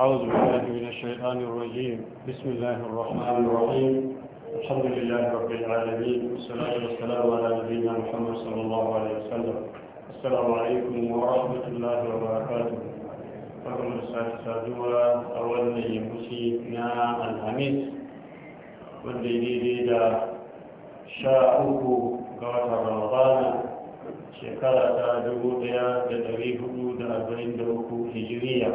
أعوذ بالله من الشيطان الرجيم بسم الله الرحمن الرحيم الحمد لله رب العالمين والصلاة والسلام على نبينا محمد صلى الله عليه وسلم السلام عليكم ورحمة الله وبركاته فكم رسالة سادوة أولا يمسينا الهميس والدليل إذا شاءه قوات رمضان شكرة دبوتها لتريه دود أربعين دوكو هجرية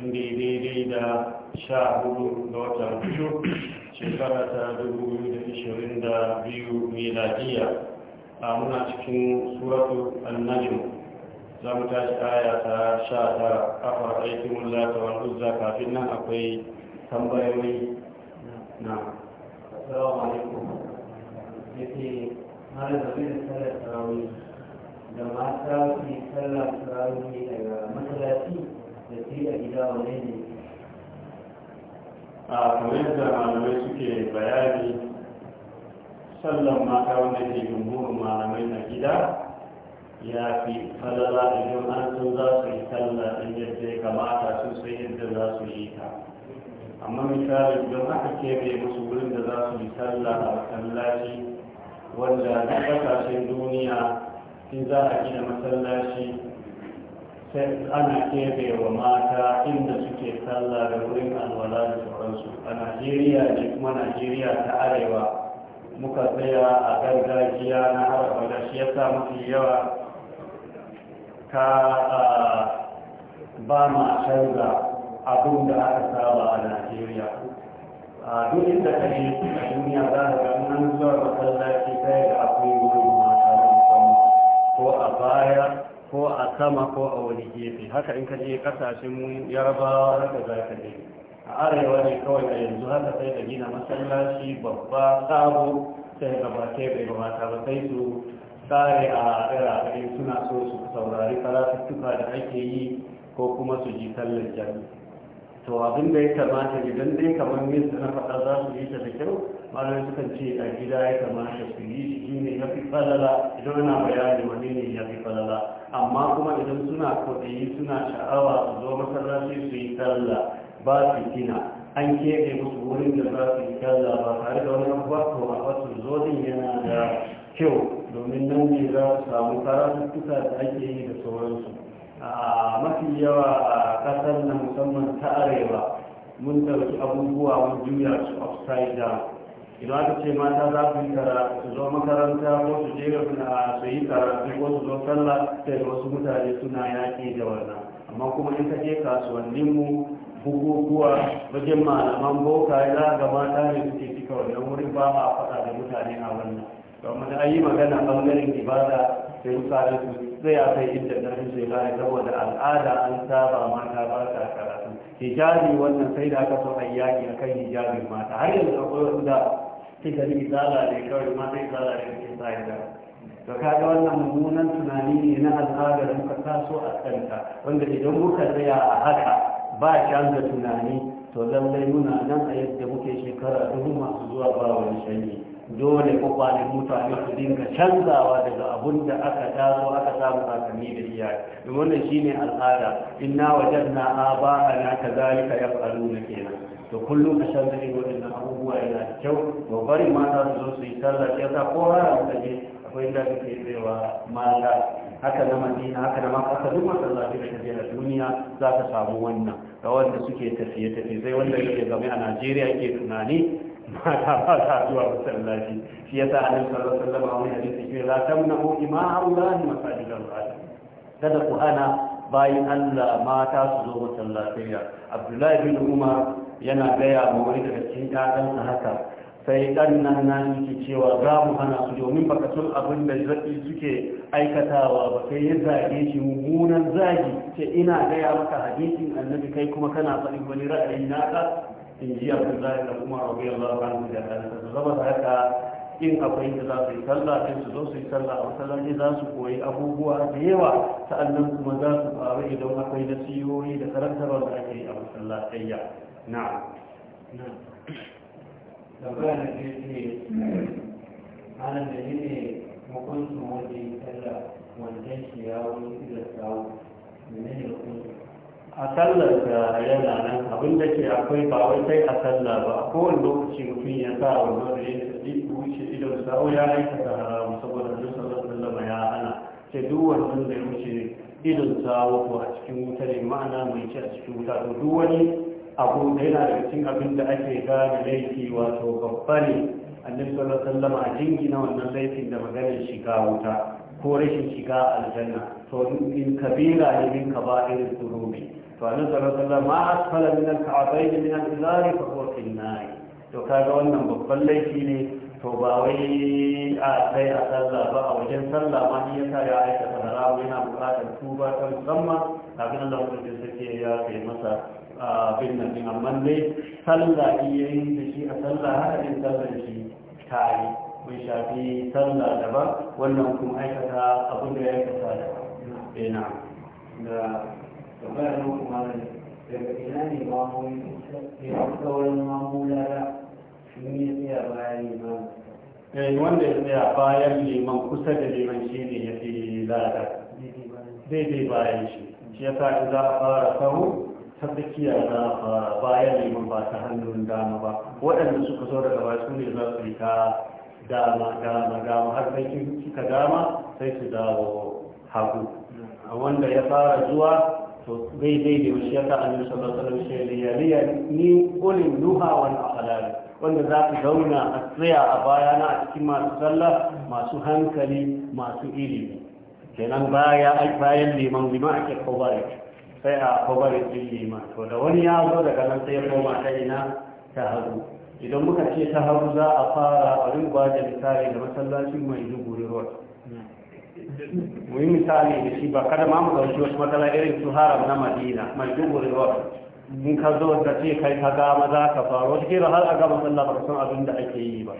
wanda ya daidai da sha hudu da watan biyu shekara ta dubu biyu da ishirin da biyu miladiya a muna cikin suratu annajim za mu tashi aya ta sha ta kafar aikin wanda ta wani uzza kafin nan akwai tambayoyi na assalamu alaikum yake mara da bin sallar tarawih da mata su yi sallar tarawih daga masallaci da a gida wane ne a kamar da malamai suke bayani sallan mata wanda ke malamai na gida ya fi falala idan an so za su yi talla in yadda ya kamata sun sai yadda za su yi ta amma misali idan aka kebe musu wurin da za su yi talla a masallaci wanda duk kasashen duniya in za a gina masallaci ana keɓe wa mata inda suke sallah da wurin alwala da sauransu a najeriya ne kuma najeriya ta arewa muka tsaya a gargajiya na haraba da shi yasa mafi yawa ka ba ma canza abin da aka saba a najeriya a duk da ka ne a duniya za ka ga nan zuwa masallaci sai da akwai wurin mata musamman ko a baya ko a sama ko a wani gefe haka in ka je kasashen yarbawa haka za ka je a arewa ne kawai a yanzu haka sai da gina masallaci babba sabo sai gaba ke bai gabata ba sai su tsare a ɗaya suna so su saurari karatuttuka da ake yi ko kuma su ji sallar jami'a to abin da ya kamata gidan dai kamar yin na faɗa za su yi ta da kyau malamai sukan ce a gida ya kamata su yi shi ne ya fi falala idan ana bayani wani ne ya fi falala amma kuma idan suna kwaɗayi suna sha'awa su zo masallaci su yi talla ba su kina an keɓe musu wurin da za su yi talla ba tare da wani abubuwa ko a wasu zo yana da kyau domin nan ne za su samu karatuttuka da ake yi da sauransu Ah, mafi yawa a kasar na musamman ta arewa mun ɗauki abubuwa mun juya su upside down idan aka ce mata za su yi karatu su zo makaranta ko su je ga su yi karatu ko su zo sallah sai wasu mutane suna yaƙi da wannan amma kuma in ka je kasuwannin mu bukukuwa wajen malaman boka ya ga mata ne suke cika wannan wurin ba a faɗa da mutane a wannan domin an yi magana bangaren ibada sai misali su zai ya kai inda sai shekara saboda al'ada an saba mata ba ta karatu hijabi wannan sai da aka so a yaƙi a kan hijabin mata har yanzu akwai wasu da kika ni zala ne kawai mata zala ne ke sa da to kaga wannan mummunan tunani ne na al'ada da muka taso a kanta wanda idan muka tsaya a haka ba canza tunani to lallai muna nan a yadda muke shekara dubu masu zuwa ba wani shanyi dole kwakwalin mutane su dinga canzawa daga abun da aka taso aka samu kakanni da iyaye domin wannan shine al'ada inna wajanna aba'ana kazalika yaf'aluna kenan to kullum a canza irin waɗannan abubuwa yana da kyau to bari mata su zo su yi sallah ya sa ko rana muka je akwai inda kake tsayawa mata haka na madina haka na makasa duk masallaci da tafiya na duniya za ta samu wannan ga wanda suke tafiye tafiye sai wanda yake game a najeriya ke tunani mata ba ta zuwa masallaci shi yasa annabi sallallahu alaihi wasallam a wani hadisi ke la tamna'u ima'allahi masajidal alim kada ku hana bayan Allah mata su zo masallaciya Abdullahi bin Umar yana gaya ma wani daga cikin haka sai dan nan na yake cewa za mu hana su domin baka san abin da zaki suke aikatawa ba sai ya zage shi mummunan zagi ce ina gaya maka hadisin annabi kai kuma kana faɗin wani ra'ayi naka in ji abdullahi da kuma rabu yanzu a kan da kansa su zama da haka in akwai da za su yi sallah sai su zo su yi sallah a masallaci za su koyi abubuwa da yawa sa'annan kuma za su faru idan akwai siyoyi da karantarwa da ake yi a masallatayya na da bayan da ke ana da yi ne hukuncin wajen sallah wajen shi ya wani da sawu menene hukuncin a sallar da yana nan abin da ke akwai ba wai sai a sallah ba a kowane lokaci mutum ya sa wando da ya tafi wuce idon sa'o oh, ya ta haramu saboda annabi sallar alaihi ya hana sai duk wannan da ya wuce idan sa'o ko a cikin wuta ne ma'ana mai ci a cikin wuta to duk wani abu da yana da cikin abin da ake gane laifi wato babba ne annabi sallallahu alaihi wasallam a jingina wannan laifin da maganar shiga wuta ko rashin shiga aljanna to in kabira ne min kaba'ir dhunubi فأنا صلى الله عليه وسلم ما أسفل من الكعبين من الإزار فهو في النار to kaga wannan babban laifi ne to ba wai a sai a sallah ba a wajen sallah ma ni yasa ya aikata haramu yana buƙatar tuba ta musamman kafin Allah mutum sake ya kai masa abin nan din amma dai sallah yayin da shi a sallah har in sallah shi tare mun shafi sallah daban wannan kuma aikata abin da ya aikata eh, da na da daga ina ne bayan wanda ya tsaya bayan liman kusa da liman shi ne ya fi lada daidai bayan shi shi ya sa za a fara sahu ta tsakiya za a bayan liman ba ta hannun dama ba waɗanda suka so daga baya su ne za su yi ta dama dama dama har sai kika dama sai su dawo hagu hmm. wanda ya fara zuwa to daidai da shi ya sa annabi sallallahu shi ya ni ulil duha wal wanda za ku zauna a tsaya a bayana a cikin masu sallah masu hankali masu ilimi kenan baya bayan liman liman ake kobarin sai a kobarin din liman to da wani ya zo daga nan sai ya koma ta ina ta hagu idan muka ce ta hagu za a fara a rin ba da misali da masallacin mai dubu road mu yi misali da shi ba kada ma mu ɗauki wasu matsala irin su haram na madina mai dubu in ka zo da ce kai ka ga maza ka faru wata kira har a ga masalla ba san abin da ake yi ba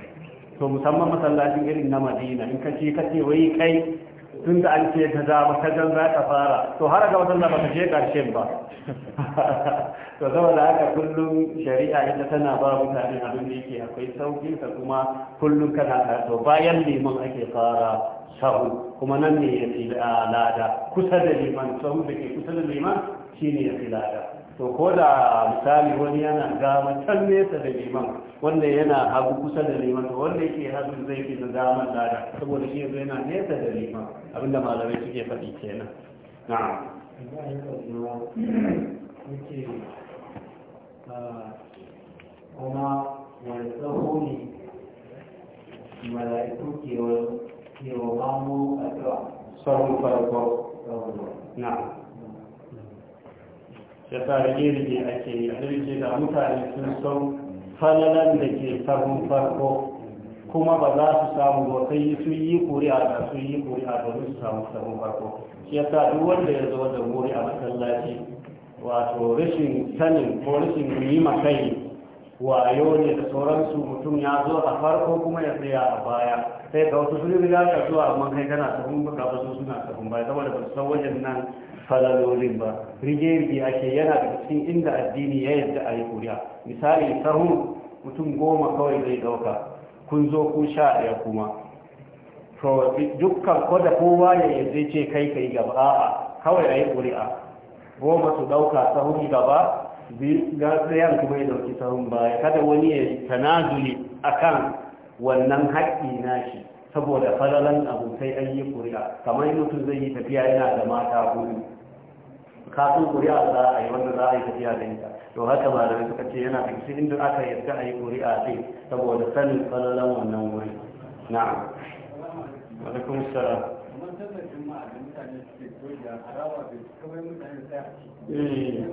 to musamman masallacin irin na madina in ka ce ka ce wai kai tun da an ce ta dama ta can za ka fara to har ga wata ba ta je karshen ba to saboda haka kullum shari'a ita tana ba mutane abin da yake akwai saukin ka kuma kullum kana ka to bayan liman ake fara sahu kuma nan ne ya fi lada kusa da liman sahu da ke kusa da liman shine ya fi lada to ko da misali wani yana gama can nesa da liman wanda yana hagu kusa da liman to wanda yake hagu zai fi da gama tsada, saboda shi yanzu yana nesa da liman abinda malamai suke faɗi kenan na'am kuma wani tsaho ne mala'iku ke mamu a tsawa sauran farko na'am ya fara gerige a ake yi a da mutane sun sau falalan da ke sabon farko kuma ba za su samu ba sai sun yi kuri'a da sun yi kuri'a domin su samu sabon farko shi ya sa duk wanda ya zo da wuri a masallaci wato rashin sanin ko rashin yi makai wayo ne da sauransu mutum ya zo a farko kuma ya tsaya a baya sai ga wasu sun riga ka zuwa a kai kana tafin baka wasu suna tafin baya saboda ba su san wajen nan falalolin ba rige-rige ake yana da cikin inda addini ya yadda a yi kuriya misali sahu mutum goma kawai zai dauka kun zo kun sha ɗaya kuma to dukkan kwada, kowa ya zai ce kai kai gaba a'a kawai a yi kuri'a goma su dauka sahu gaba ga kuma ya dauki sahun baya kada wani ya tanazuli akan wannan haƙƙi nashi saboda falalan abu sai an yi ƙuri'a kamar mutum zai yi tafiya yana da mata gudu kafin ƙuri'a za a yi wanda za a yi tafiya da ita to haka da suka ce yana da cikin inda aka yarda a yi ƙuri'a sai saboda sanin falalan wannan wuri na'am Eh,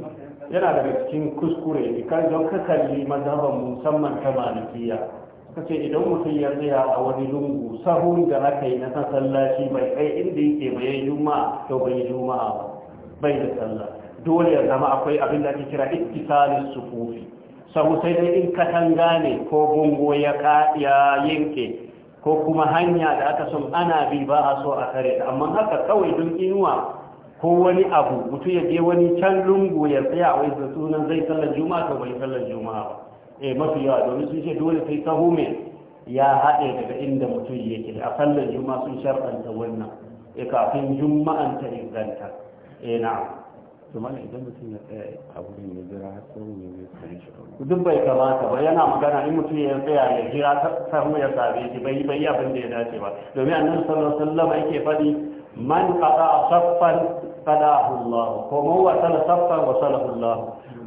yana daga cikin kuskure ne kan don ka kalli mazhaban musamman ta malikiya ka ce idan mutum ya tsaya a wani lungu sahun da aka yi na sallaci bai kai inda yake bai juma'a to bai juma'a ba bai da sallah dole ya zama akwai abin da ake kira ittisalin sufufi sahu sai dai in katanga ne ko bungo ya yanke ko kuma hanya da aka son ana bi ba a so a kare ta amma haka kawai don inuwa ko wani abu mutu ya je wani can lungu ya tsaya wai da sunan zai sallar juma'a to bai sallar juma'a ba eh mafi yawa domin sun ce dole sai sahu mai ya haɗe daga inda mutum yake a sallar juma'a sun sharɗanta wannan eh, kafin juma'an ta inganta eh na'am to mana idan mutum ya tsaya a wurin ya jira har sai ne zai sani shi duk bai kamata ba yana magana in mutum ya tsaya ya jira sahu ya sabe shi bai bai abin da ya dace ba domin annabi sallallahu alaihi wasallam yake faɗi man qada saffan qadahu Allah ko man wasala saffan wasalahu Allah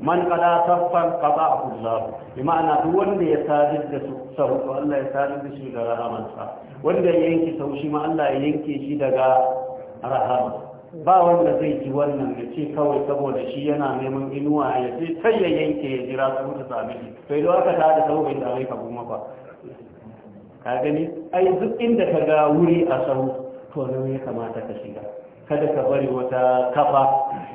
man qada saffan qadahu Allah bi ma'ana duk wanda ya sadar da su to Allah ya sadar da shi da rahamansa wanda ya yanke sahu shi ma Allah ya yanke shi daga rahamansa ba wanda zai ji wannan ya ce kawai saboda shi yana neman inuwa ya ce sai ya yanke ya jira su mutu sami shi to idan aka ta da sau bai same ka goma ba ka gani ai duk inda ka ga wuri a sau to nan ya kamata ka shiga kada ka bari wata kafa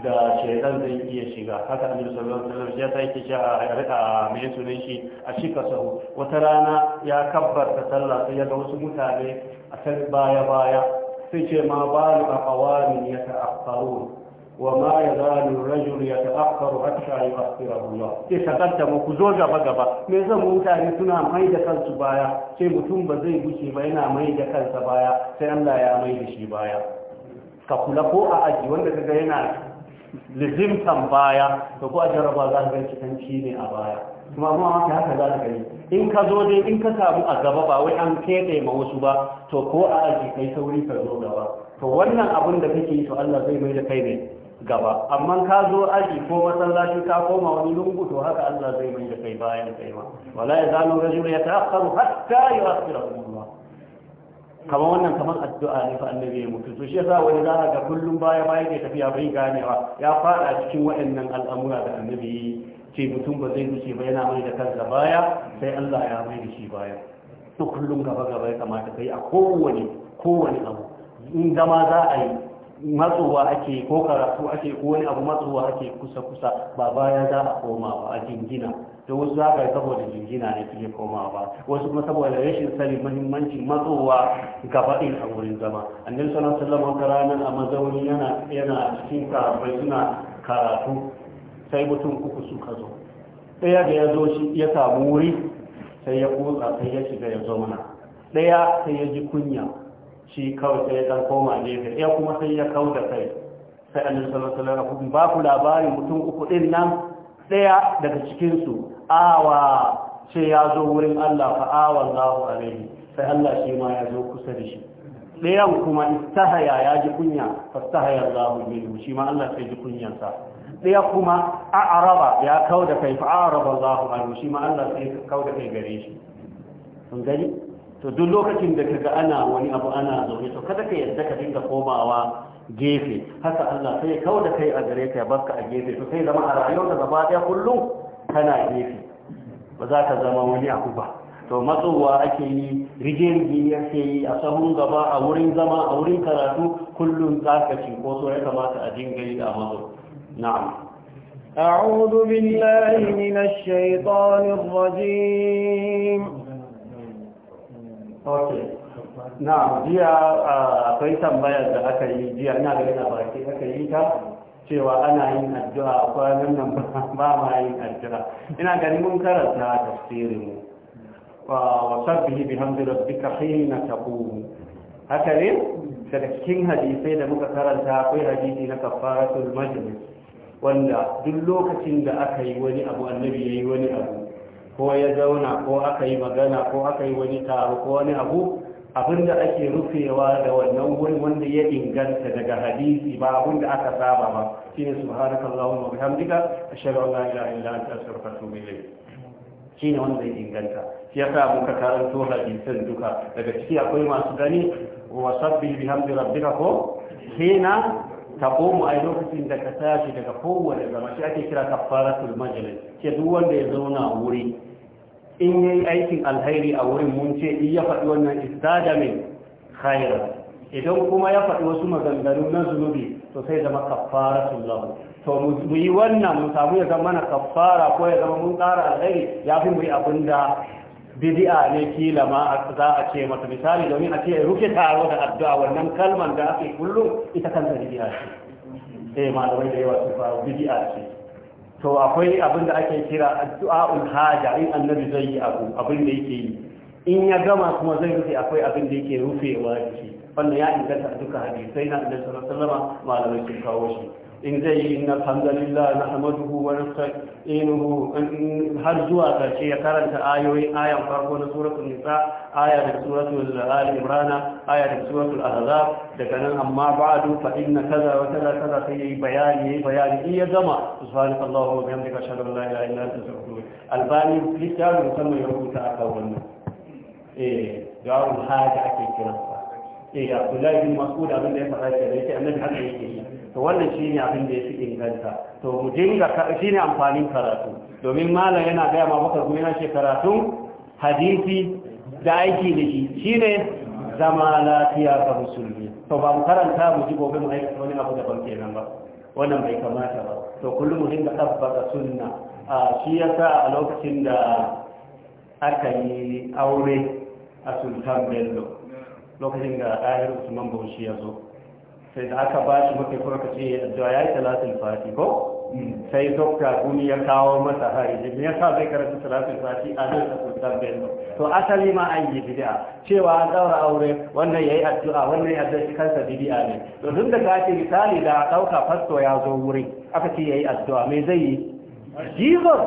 da shaidan zai iya shiga haka annabi sallallahu alaihi wasallam ya sai kishi a rika mai sunan shi a shika sahu wata rana ya kabbarta sallah sai ya ga wasu mutane a can baya baya sai ce ma ba ni a kawamin ya ta'akkaru wa ma ya zalu rajul ya ta'akkaru hatta ya asira Allah sai ka kaddama ku zo gaba gaba me zan mutane suna mai da kansu baya sai mutum ba zai guce ba yana mai da kansa baya sai Allah ya mai da shi baya ka kula ko a aji wanda kaga yana lizimtan baya to ko a jarraba za ka ga cikanci ne a baya kuma amma haka haka za ka gani in ka zo dai in ka samu a gaba ba wai an keɓe ma wasu ba to ko a aji kai sauri ka zo gaba to wannan abin da kake yi to Allah zai mai da kai ne gaba amma ka zo aji ko masallaci ka koma wani lungu to haka Allah zai mai da kai bayan kai ma wala ya zanu rajul ya ta'akhkharu hatta yu'akhkhira Allah kamar wannan kamar addu'a ne fa annabi ya mutu to shi yasa wani za ga kullum baya baya ke tafiya bai ganewa ya a cikin waɗannan al'amura da annabi ce mutum ba zai wuce ba yana mai da kansa baya sai Allah ya mai da shi baya to kullum gaba gaba ya kamata kai a kowane kowane abu in zama za a yi matsowa ake ko karatu ake ko wani abu matsowa ake kusa kusa ba baya za a koma ba a jingina da wasu za ka yi saboda jingina ne suke koma ba wasu kuma saboda rashin sani mahimmancin matsowa gaba din a wurin zama annabi sallallahu alaihi wasallam ranar a mazauni yana yana cikin karatu suna karatu sai mutum uku suka zo ɗaya da ya zo shi ya samu wuri sai ya kutsa sai ya shiga ya zo mana ɗaya sai ya ji kunya shi kawai sai ya dan koma gefe ɗaya kuma sai ya kau da kai sai an sallallahu alaihi wasallam ba ku labarin mutum uku ɗin nan ɗaya daga cikinsu awa ce ya zo wurin Allah fa awa Allahu alaihi sai Allah shi ma ya zo kusa da shi ɗayan kuma istahaya ya ji kunya fastahaya Allahu bihi shi ma Allah sai ji kunyansa ɗaya kuma a araba ya kau da kai fa araba ku anhu shi ma Allah sai ya kau da kai gare shi sun gani to duk lokacin da kaga ana wani abu ana zaune to kada ka yadda ka dinga komawa gefe haka Allah sai ya kau da kai a gare ka ya barka a gefe to sai zama a rayuwar da gaba ɗaya kullum kana gefe ba za ka zama wani abu ba to matsowa ake yi rige-rige ke yi a sahun gaba a wurin zama a wurin karatu kullum ci ko so ya kamata a dinga yi a mazo نعم أعوذ بالله من الشيطان الرجيم نعم جيا آه، قيسم بيض أكا يجيا نعم لنا بغيتي أكا يجيك سوى أنا إن الدعاء فأنا ما إن الدعاء إنا كان منكر تفسير وسبه بحمد ربك حين تقوم هكذا سلكين هديثين مكثرة تاقي هديثين كفارة المجلس wanda duk lokacin da aka yi wani abu annabi ya yi wani abu ko ya zauna ko aka yi magana ko aka yi wani taro ko wani abu da ake rufewa da wannan wurin wanda ya inganta daga hadisi ba abinda aka saba ba shine subhanakallahumma wa bihamdika ashhadu an wani ilaha illa anta astaghfiruka wa atubu ilayk shine wanda ya inganta shi yasa muka karanto hadisan duka daga ciki akwai masu gani wa sabbi bihamdi rabbika ko hina ka komo a lokacin da ka tashi daga kowane zama shi ake kira kafaratul majlis ke duk wanda ya zauna wuri in yayi aikin alhairi a wurin mun ce in ya faɗi wannan istada khairan idan kuma ya faɗi wasu maganganu na zunubi to sai zama kafaratul lahu to mu yi wannan mu samu ya zama mana kafara ko ya zama mun ƙara alhairi ya fi mu yi abin Bidi'a ne kila ma za a ce masa misali domin a ce rufe taro da addu'a wannan kalmar da ake kullum ita kanta Bidi'a ce eh malamai da yawa sun faru Bidi'a ce to akwai abin da ake kira addu'a'ul haja in annabi zai yi abu abin da yake yi in ya gama kuma zai rufe akwai abin da yake rufewa shi wannan ya inganta duka sai na annabi sallallahu alaihi wasallam malamai sun kawo shi in zai yi inna alhamdulillah nahmaduhu wani nasta'inuhu har zuwa karshe ya karanta ayoyin ayan farko na suratul nisa aya da suratul ali imran aya da suratul ahzab daga nan amma ba'du fa inna kaza wa kaza kaza sai yayi bayani yayi bayani in ya gama subhanallahi wa bihamdika ashhadu an la ilaha illa anta astaghfiruka albani littafin musamman ya rubuta akan wannan eh da'ul hada ake kiransa ce ga Abdullahi bin Mas'ud abin da ya faɗa ke da yake annabi haka yake yi to wannan shine abin da ya fi inganta to mu dinga shine amfanin karatu domin malam yana gaya ma baka kuma yana ce karatu hadisi da aiki da shi shine zama lafiya ga musulmi to ba mu karanta mu ji gobe mu aikata wani abu daban kenan ba wannan bai kamata ba to kullum mu dinga tabbata sunna a shi yasa a lokacin da aka yi aure a sultan bello lokacin da ayar usman bauchi ya zo sai da aka ba shi mafi kuma ka ce addu'a ya yi talatin fati ko mm. sai dokta gumi ya kawo masa hari da ya sa zai karanta talatin fati a nan da sultan bello to asali ma an yi bid'a cewa an daura aure wannan ya yi addu'a wannan ya addu'a kansa bid'a ne to duk da kake misali da dauka fasto ya zo wuri aka ce yi addu'a me zai yi jesus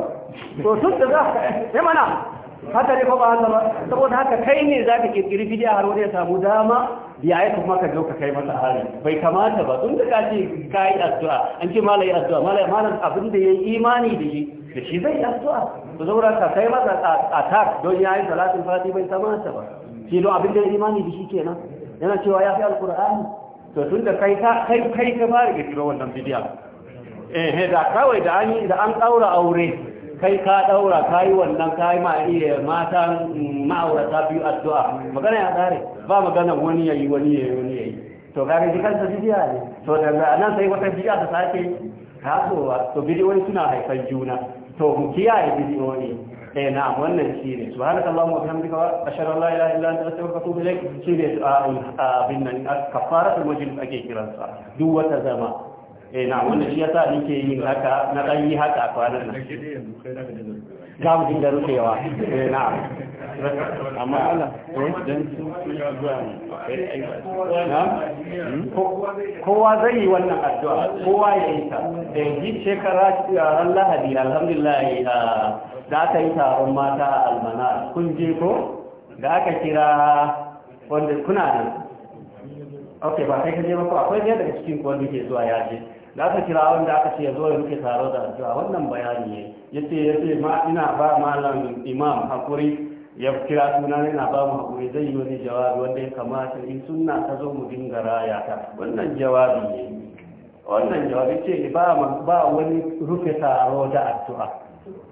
to tun da za ka eh, mana haka ne kuma ba haka ba saboda haka kai ne za ka kirkiri bidiya har wani ya samu dama ya yi kuma ka ka kai masa hari bai kamata ba tun da ka ce ka yi addu'a an ce malayi addu'a malayi malam abin da ya yi imani da shi da shi zai yi addu'a ba zaura ka kai masa attack don ya yi salatin fati bai kamata ba shi don abin da ya yi imani da shi kenan yana cewa ya fi alkur'ani to tun da kai ka kai kai ka fara kirkiro wannan bidiya eh, eh da kawai da an da an daura aure kai ka daura ka yi wannan ka yi ma'iyyar mata mm, ma'aurata biyu addu'a magana ya tsare ba magana wani ya yi wani ya yi wani ya yi to kaga shi kansa bidiya ne to daga nan sai wata bidiya ta sake tasowa to bidiyoyi suna haifar juna to mu kiyaye bidiyoyi eh na wannan shi ne subhanallahi wa bihamdika wa ashhadu an la ilaha illa anta astaghfiruka wa atubu ilaik shi ne du'a ah, ah, bin nan kafaratul wajib ake kiransa duk wata zama eh na wanda shi yasa nake yin haka na dan yi haka a kwanan nan za mu da rufewa eh na amma eh dan su eh, eh, hmm? kowa zai yi wannan addu'a kowa ya yi ta eh, da yi shekara ran lahadi alhamdulillah da aka yi taron mata a almana kun je ko da aka kira wanda kuna nan ok ba kai ka je ba ko akwai ne daga cikin wanda ke zuwa ya je da aka kira wanda aka ce ya zo ya muke taro da addu'a wannan bayani ne yace yace ma ina ba malam imam hakuri ya kira suna yana ba mu hakuri zai yi wani jawabi wanda ya kamata in sunna ta zo mu dinga raya ta wannan jawabi ne wannan jawabi ce ba ba wani rufe taro da addu'a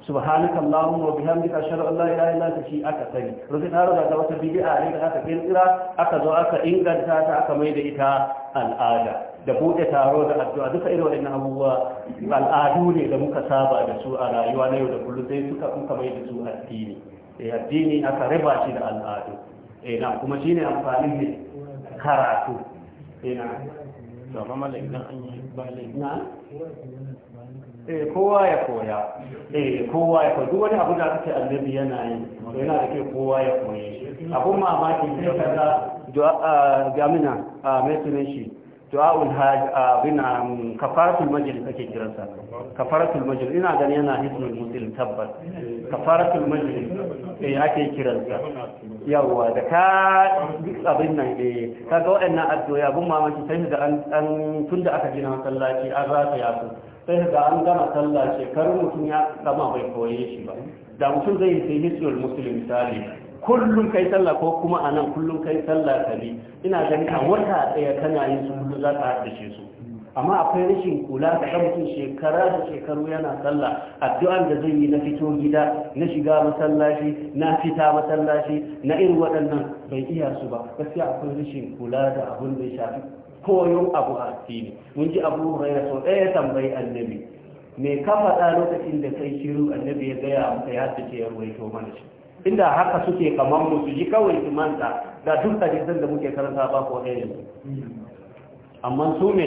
subhanaka allahumma wa bihamdika ashhadu an la ilaha illa anta shi aka sani rufe taro da wata bid'a ne da aka kira aka zo aka inganta ta aka mai da ita al'ada da buɗe taro da addu'a duka irin waɗannan abubuwa al'adu ne da muka saba da su a rayuwa na yau da kullum sai suka kuka mai da su addini eh addini aka raba shi da al'adu eh na kuma shine amfani ne karatu eh na to amma idan an yi balai na eh kowa ya koya eh kowa ya koya duk wani abu da aka ce annabi yana yi yana da ke kowa ya koye abun mamaki sai kaga du'a ah, gamina a ah, mai sunan shi du'a'ul hajj abin kafaratul majlis ake kiran sa kafaratul majlis ina gani yana hisnul muslim tabbas kafaratul majlis eh ake kiran sa yawa da ka abin nan eh kaga waɗannan addu'a abun mamaki sai da an tunda aka gina masallaci an rasa yasu sai da an gama sallah shekaru mutum ya gama bai koye shi ba da mutum zai yi sai hisnul muslim misali kullum kai sallah ko kuma a nan kullum kai sallah ka bi ina ganin a wata ɗaya kana yin su kullum za ta haddace su amma akwai rashin kula da mutum shekara da shekaru yana sallah addu'an da zai yi na fito gida na shiga masallaci na fita masallaci na irin waɗannan bai iya su ba gaskiya akwai rashin kula da abun da ya shafi koyon abu a addini mun ji abu hurairah sau ɗaya ya tambayi annabi me ka faɗa lokacin da kai shiru annabi ya gaya maka ya ce ya ruwaito mana shi inda haka suke kamar mu su ji kawai su manta da duk hadisan da muke karanta ba ko ɗaya ne amma su ne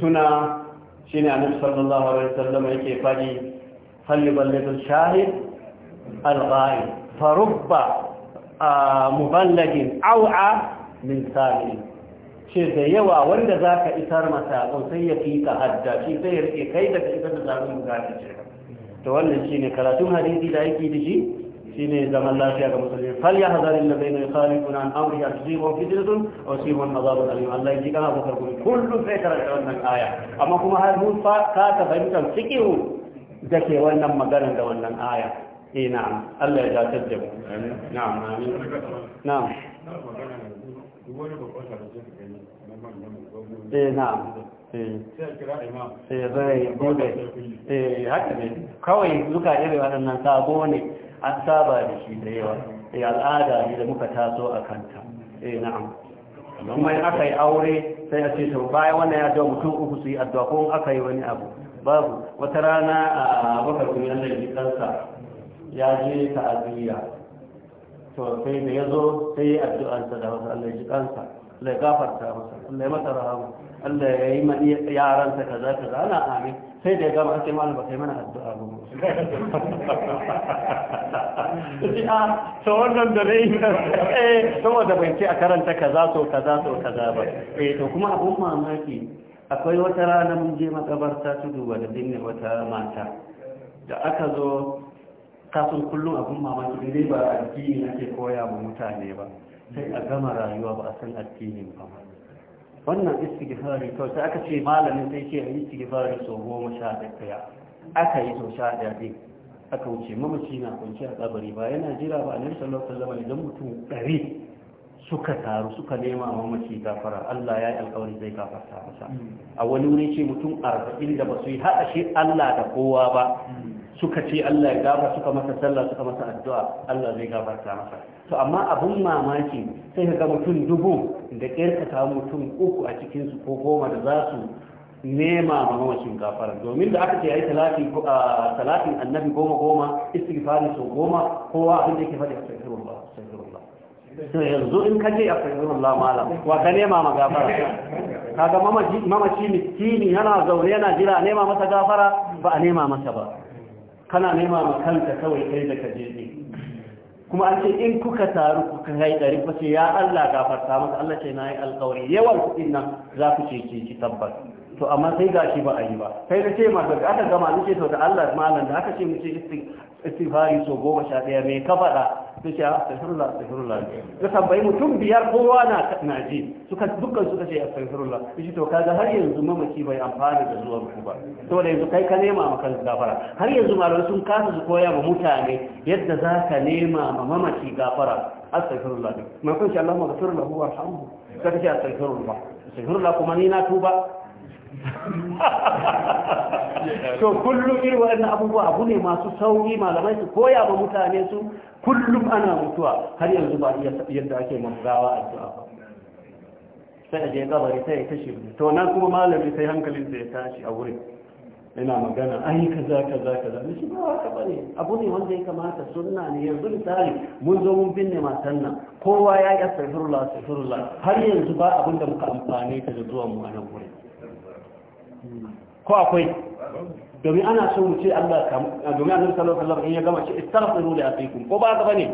suna shine annabi sallallahu alaihi wasallam yake fadi falli balladul shahid al-ghaib rubba muballagin aw'a min sami ce da yawa wanda za ka isar mata sai ya fi ka hadda shi sai ya rike kai daga isar da zaɓin bukatu ce to wannan shi ne karatun hadisi da yake da shi shine zaman lafiya ga musulmi fal ya hazari allazina yukhalifuna an amri yasibun fitnatun aw yusibun adhabun alim Allah ya kana bakar sai karanta wannan aya amma kuma har mun fa ka ta fahimtar fikihu da ke wannan maganar da wannan aya eh na'am Allah ya dace da mu na'am na'am eh na'am sai eh, zai bude eh, haka ne kawai zuka irin waɗannan sabo ne an saba da shi da yawa Ya eh, al'ada ne da muka taso a kanta eh na'am don mai aka yi aure sai a ce to bayan wannan ya dawo mutum uku su yi addu'a ko aka yi wani abu babu wata rana a bakar kuma yana da kansa ya je ta'aziyya to sai da ya zo sai ya addu'ansa da wasu Allah ya ji kansa Allah ya gafarta masa Allah ya masa rahama Allah ya yi yaransa kaza kaza ana amin sai da ya gama an sai ba kai mana addu'a ba mu sai a ah, to wannan da dai eh saboda ban ce a karanta kaza so kaza so kaza ba eh to kuma abun mamaki akwai wata rana mun je makabarta tudu da dinne wata mata da aka zo kafin kullum abun mamaki dai ba addini ake koya ba mutane ba sai a gama rayuwa ba a san addinin ba wannan istighfari kawai sai aka ce malamin sai ce istighfari sau goma sha daya aka yi sau sha daya din aka wuce mamaci na kunci a kabari ba yana jira ba annabi sallallahu alaihi wasallam idan mutum ɗari suka taru suka nema mamaci gafara Allah ya yi alƙawari zai gafarta masa a wani wuri ce mutum arba'in da ba su yi haɗa shi Allah da kowa ba suka ce Allah ya gafa suka masa sallah suka masa addu'a Allah zai gafarta masa to amma abun mamaki sai ka ga mutum dubu da ƙirka ta mutum uku a cikinsu ko goma da za su nema a mamacin gafara domin da aka ce ya yi talatin annabi goma goma istighfari sau goma kowa abin da yake faɗi a sahirullah sahirullah to yanzu in ka a a sahirullah malam wa ka nema ma gafara kaga mamaci miskini yana zaune yana jira a nema masa gafara ba a nema masa ba kana nema ma kanka kawai kai da ka ne kuma an ce in kuka taru kuka kai ɗari ku ce ya Allah gafarta maka Allah ce na yi alƙawari yawan kuɗin nan za ku ce ki tabbas to amma sai ga shi ba a yi ba sai na ce ma daga aka gama ni ce to da Allah malam da aka ce mu ce istighfari so goma sha ɗaya mai ka faɗa su ce ah, astaghfirullah astaghfirullah ka tambayi mutum biyar kowa na na ji suka dukkan suka ce astaghfirullah shi to kaga har yanzu mamaki bai amfana da zuwan ku ba saboda yanzu kai ka nema ma kanka gafara har yanzu malamai sun kasa su koya ma mutane yadda za ka nema ma mamaci gafara astaghfirullah mai kun ce Allahumma ghfir lahu warhamhu kaga ce astaghfirullah astaghfirullah kuma ni na tuba to kullum irin waɗannan abubuwa abu ne masu sauri malamai su koya ba mutane su kullum ana mutuwa har yanzu ba yadda ake mamgawa addu'a ba sai a je gabari sai ya kashe to nan kuma malami sai hankalin hankalinsa ya tashi a wurin yana magana ai kaza kaza kaza ne shi ba haka bane abu ne wanda ya kamata sunna ne yanzu misali mun zo mun binne matan nan kowa ya yi astaghfirullah astaghfirullah har yanzu ba abin da muka amfane ta da zuwa mu a nan wurin ko akwai domin ana so mu ce Allah domin annabi sallallahu alaihi wasallam ya gama ce istaghfiru li akhikum ko ba ka ne?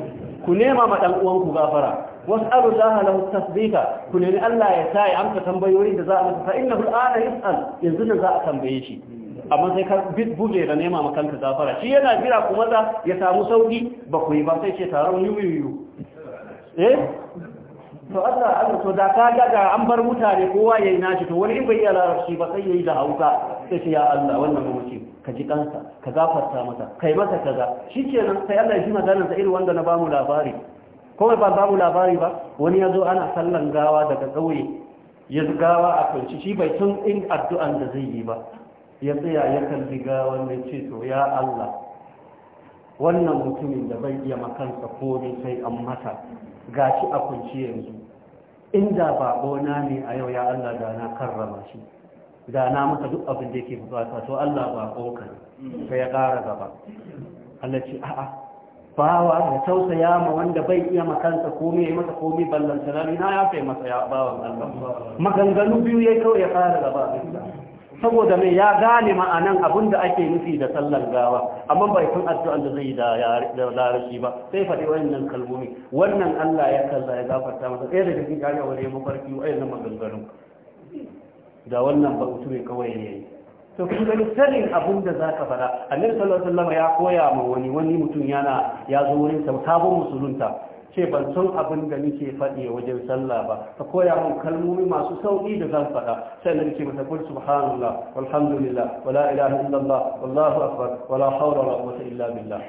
ku nema ma dan uwanku gafara was'alu Allah lahu tasbika ku nemi Allah ya sa ya amsa tambayoyin da za a masa inna al ana yas'al yanzu ne za a tambaye shi amma sai ka buge da nema ma kanka gafara shi yana jira kuma za ya samu sauki ba ku yi ba sai ce taron yuyu eh to Allah Allah to da ka ga an bar mutane kowa yayi nashi to wani in bai iya larabci ba sai yayi da hauka sai ce ya Allah wannan mamaci ka ji kansa ka gafarta masa kai masa kaza shikenan sai Allah ya ji maganar sa irin wanda na bamu labari ko ba bamu labari ba wani yazo ana sallan gawa daga kauye ya gawa a kunci shi bai tun in addu'an da zai yi ba ya tsaya ya kalli gawan nan ce to ya Allah wannan mutumin da bai iya makansa komai sai an mata gashi a kunci yanzu inda na ne a yau ya Allah da na karrama shi da na maka duk abin da yake bukata to Allah ba koka sai ya ƙara gaba Allah ce a'a bawa da tausaya ma wanda bai iya makansa komai ya masa komai ballan salami na ya fai masa ya bawan Allah maganganu biyu ya kawai ya ƙara gaba saboda mai ya gane ma'anan abin da ake nufi da sallar gawa amma bai san addu'an da zai da larashi ba sai faɗi wannan kalmomi wannan Allah ya kalla ya gafarta masa ɗaya da cikin kariya wani mafarki ayyana maganganu da wannan ba mutum kawai ne yayi to kun gani sanin abin da ka fara annabi sallallahu alaihi wasallam ya koya ma wani wani mutum yana ya zo wurin sa sabon musulunta ce ban san abin da nake faɗi wajen sallah ba ka koya mun kalmomi masu sauƙi da zan faɗa sai na ce mata kul subhanallah walhamdulillah wala ilaha illallah wallahu akbar wala hawla wala quwwata illa billah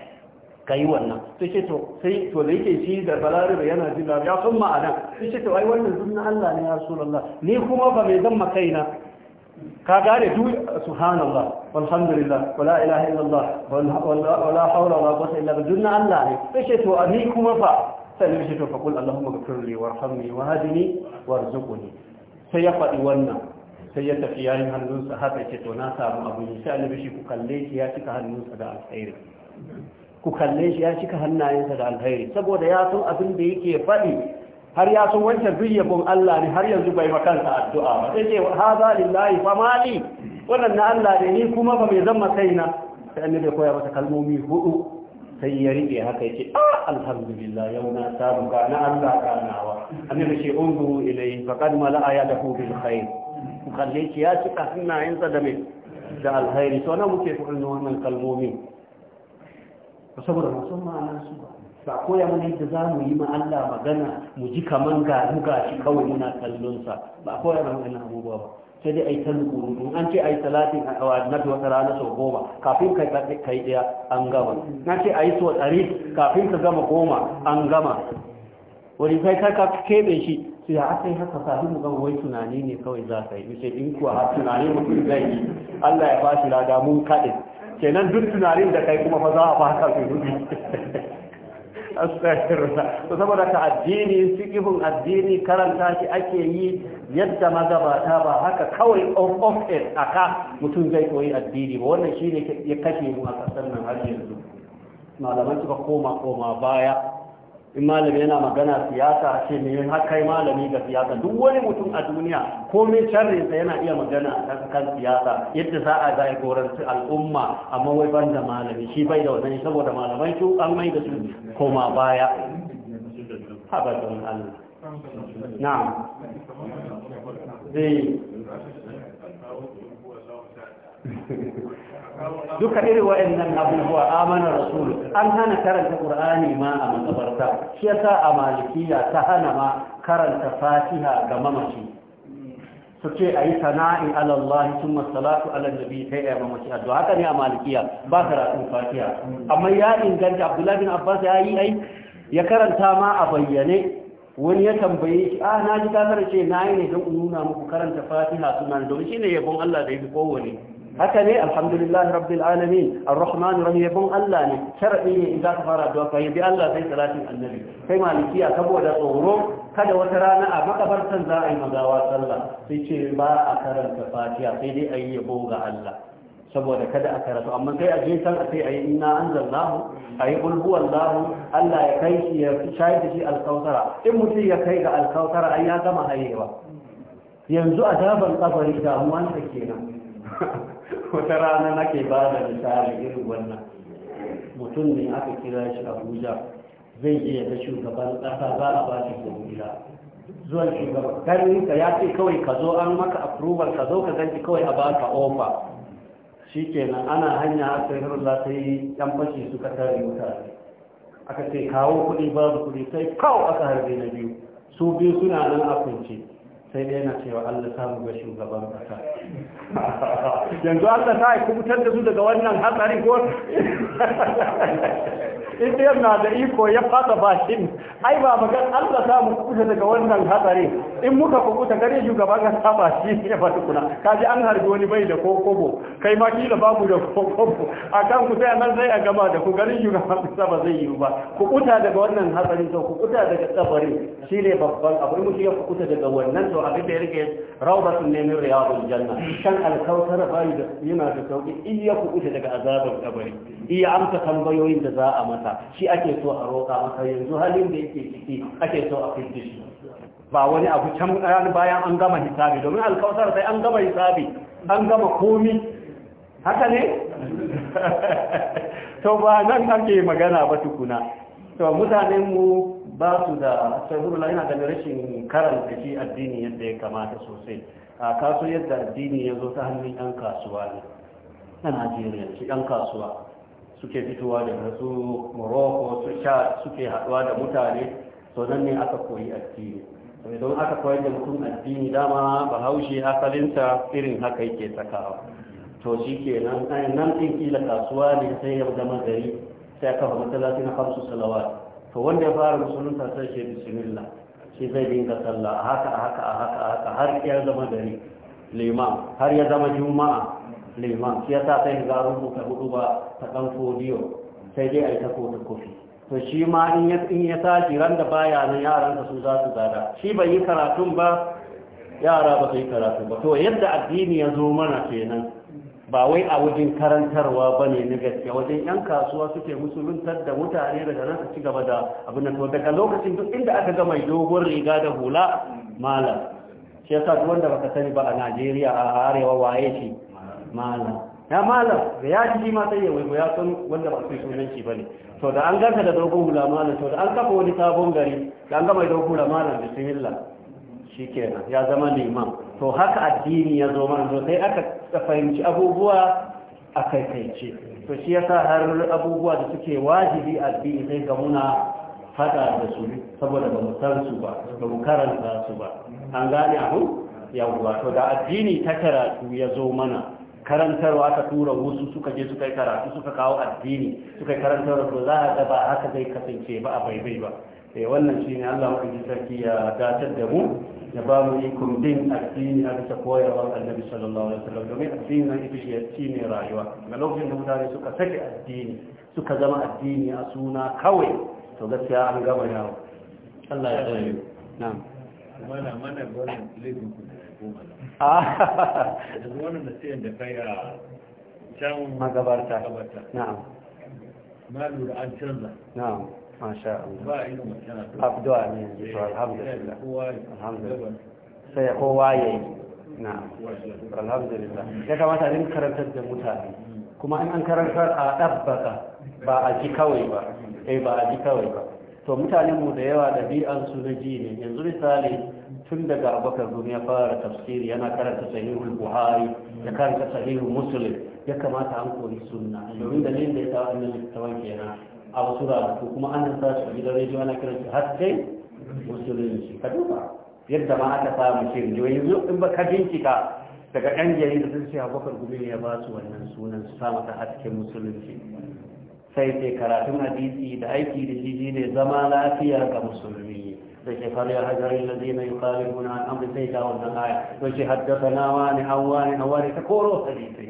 kai wannan sai ce to sai to da yake shi da da yana jin lafiya ya san ma'ana sai ce to ai wannan zunna Allah ne ya rasulullah ni kuma ba mai zan makaina ka gane duk subhanallah walhamdulillah wala ilaha illallah wala hawla wala quwwata illa billah zunna Allah ne sai ce to ni kuma fa sannan shi to faqul allahumma ighfir li warhamni wahdini warzuqni sai ya faɗi wannan sai ya tafi yayin hannunsa haka yake to na samu abu ne sai annabi shi ku kalle shi ya cika hannunsa da alkhairi ku kalle shi ya cika hannayensa da alkhairi saboda ya san abin da yake faɗi har ya san wancan biyyabun Allah ne har yanzu bai makansa addu'a ba sai ce haza lillahi fa mali wannan na Allah ne ni kuma ba mai zama kaina sai annabi koya masa kalmomi hudu sai ya riƙe haka yake a ah, alhamdulillah yau na samu ga na Allah ganawa annabi ce unzuru ilayhi faqad mala'a yadahu bil khair kalle shi ya ci yin sa da mai da alkhairi to na muke annu wannan kalmomi saboda masu ma'anar su ba koya mana yadda za mu yi ma Allah magana mu ji kaman ga mu kawai muna kallon sa ba koya mana abubuwa ba sai dai a yi ta in an ce a yi talatin a fi wata rana sau goma kafin ka yi ka yi ɗaya an gama na ce a yi sau tsari kafin ka gama goma an gama wani sai ka ka keɓe shi sai ya aka yi haka sahi mu gama wai tunani ne kawai za ka yi mace in kuwa ha tunani mutum zai yi allah ya ba shi lada mun kaɗin kenan duk tunanin da kai kuma fa za a ba ka su astaghfirullah saboda ka addini fiqhun addini karanta shi ake yi yadda magabata ba haka kawai on off it aka mutum zai koyi addini ba wannan shine ya kashe mu a kasar nan har yanzu malaman suka koma koma baya in malami yana magana siyasa ce ne har kai malami ga siyasa duk wani mutum a duniya komai sharrinsa yana iya magana a kan siyasa yadda za a jagoranci al'umma amma wai ban da malami shi bai da wannan saboda malamai su an mai da su koma baya haɓar na'am duka irin wa'annan abubuwa amana rasul an hana karanta qur'ani ma a matsabarta, shi yasa a malikiya ta hana ma karanta fatiha ga mamaci su ce yi sana'in alallah Allah thumma alal ala nabi ta ayi mamaci addu'a haka ne a malikiya ba karatun fatiha amma ya inganta Abdullahi bin Abbas ya yi ai ya karanta ma a bayyane wani ya tambaye shi a ah, na ji kasar ce na yi ne don nuna muku karanta fatiha sunan domin shi ne yabon Allah da ya fi kowane haka ne alhamdulillah rabbil alamin arrahman rahim yabon Allah ne sharadi ne idan ka fara addu'a kai Allah sai salatin annabi kai malikiya saboda tsoro kada wata rana a makabartan za a yi magawa sallah sai ce ba a karanta fatiha sai dai a yi yabo ga Allah saboda kada a karatu amma sai a je san sai a yi inna anzalnahu a yi ulhu wallahu Allah ya kai shi ya shayar da shi alkautara in mutum ya kai ga alkautara ai ya gama hayewa yanzu a daban kabari damuwansa kenan wata rana nake ba da misali irin wannan mutum ne aka kira shi abuja zai je ga shugaban ƙasa za a ba shi gobila zuwan shugaban ka ya ce kawai ka zo an maka approval ka zo ka ganci kawai a ba ka ofa shi ana hanya aka yi sai yan fashi suka tare mutane aka ce kawo kuɗi babu kuɗi sai kawo aka harbe na biyu su biyu suna nan a sai dai yana cewa Allah mu ga shugaban kasa yanzu Allah ta yi kubutar da su daga wannan hatsari ko inda yana da iko ya fata bashin ai ba magan Allah ta mu kubuta daga wannan hatsari in muka kubuta gare shugaban kasa ba shi ne ba tukuna kaji an harbi wani bai da kokobo kai ma kila babu da kokobo a kan ku sai nan sai a gama da ku gare shugaban kasa ba zai yi ba kubuta daga wannan hatsari to kubuta daga tsabari shine babban abu mu shi ya kubuta daga wannan to abin da ya rike rawdatun ne min riyadul janna shan alkautar bai da yana da sauki in ya kuɓuta daga azabar kabari iya amsa tambayoyin da za a masa shi ake so a roƙa masa yanzu halin da yake ciki ake so a fidda shi ba wani abu can bayan an gama hisabi domin alkautar sai an gama hisabi an gama komi haka ne to ba nan ake magana ba tukuna to mutanen mu ba su da sahurula yana da rashin karanta shi addini yadda ya kamata sosai a kaso yadda addini ya zo ta hannun yan kasuwa ne na najeriya su yan kasuwa suke fitowa da su morocco su sha suke haɗuwa da mutane to nan ne aka koyi addini don aka koyar da mutum addini dama bahaushe asalinsa irin haka yake sakawa to shi ke nan ɗin kila kasuwa ne sai ya zama gari sai aka fa masallaci na salawat to wanda ya fara musulunta sai shi bismillah shi zai dinga sallah a haka a haka a haka a haka har ya zama gari liman har ya zama juma'a liman shi yasa sai ga ta hudu ba ta kan fodiyo sai dai a yi ta kofi to shi ma in ya tashi ran da baya nan yaransa su za su gada shi bai yi karatun ba yara ba su yi karatu ba to yadda addini ya zo mana kenan ba wai a wajen karantarwa ba ne na gaske wajen yan kasuwa suke musuluntar da mutane daga nan su ci gaba da abin nan daga lokacin duk inda aka ga mai dogon riga da hula malam shi yasa duk wanda baka sani ba a Najeriya a arewa waye shi malam ya malam da ya ji ma sai ya wai ya san wanda ba su sunan shi bane to da an ganta da dogon hula malam to da an kafa wani sabon gari da an ga mai dogon hula malam bismillah shikenan ya zama liman to haka addini ya zo mana to sai aka Ka fahimci abubuwa a kaikaice to shi yasa har abubuwa da suke wajibi addini sai ga muna fada da su saboda ba mu san su ba ba mu karanta su ba an gane abu yawwa to da addini ta karatu ya zo mana karantarwa ta tura wasu suka je suka yi karatu suka kawo addini suka yi karantarwa to za a ga ba haka zai kasance ba a baibai ba eh wannan shine Allah madaukakin sarki ya gatar da mu ya ba mu ikon din addini a bisa koyarwar annabi sallallahu alaihi wasallam domin addini na ita shi ne rayuwa ga lokacin da mutane suka sake addini suka zama addini a suna kawai to gaskiya an gama yawo Allah ya tsare na'am mana mana gwanin laifin ku ah. da goma da wannan nasiyan da kai a can magabarta na'am na lura an canza na'am Masha Allah, الله ne. أمين الحمد لله الحمد لله سيقوى وايي نعم الحمد لله يا كما تعلم da mutane kuma in an karantar a dabbaka ba a ji kawai ba eh ba a ji kawai ba to mutanen mu da yawa dabi'an su na ji ne yanzu misali tun daga Abubakar Gumi ya fara tafsiri yana karanta sahihul Buhari ya karanta sahihul Muslim ya kamata an koyi sunna domin dalilin da ya sa annabi tawanke yana a wasu ranaku kuma an sa shi a gidan rediyo ana kiran shi haske musulunci ka duba yadda ma aka samu shi rijiyo yanzu in ba ka bincika daga ɗan jarida sun ce abubakar gumi ya ba su wannan sunan su sa mata haske musulunci sai sai karatun hadisi da aiki da shi ne zama lafiya ga musulmi da ke fariya hajjari lazi na yi fari guna an amur sai ga wannan aya to shi haddasa na wani an wani an wani ta koro hadisi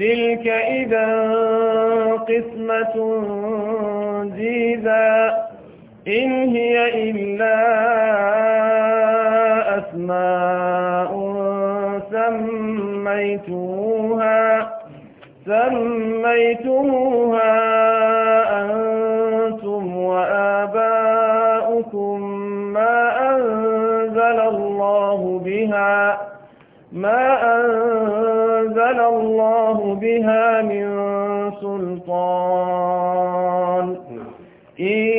تلك إذا قسمة ديزى إن هي إلا أسماء سميتوها سميتوها بها من سلطان إن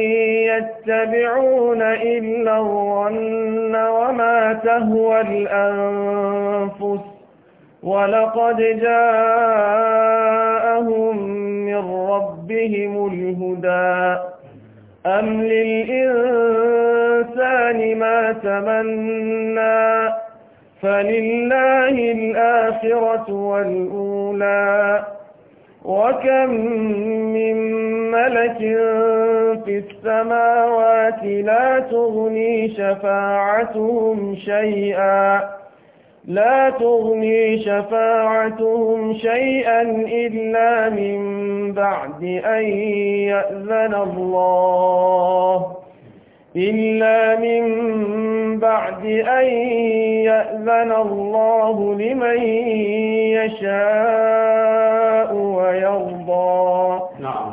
يتبعون إلا الظن وما تهوى الأنفس ولقد جاءهم من ربهم الهدى أم للإنسان ما تمنى فلله الآخرة والأولى وكم من ملك في السماوات لا تغني شفاعتهم شيئا لا تغني شفاعتهم شيئا إلا من بعد أن يأذن الله إلا من بعد أن يأذن الله لمن يشاء ويرضى نعم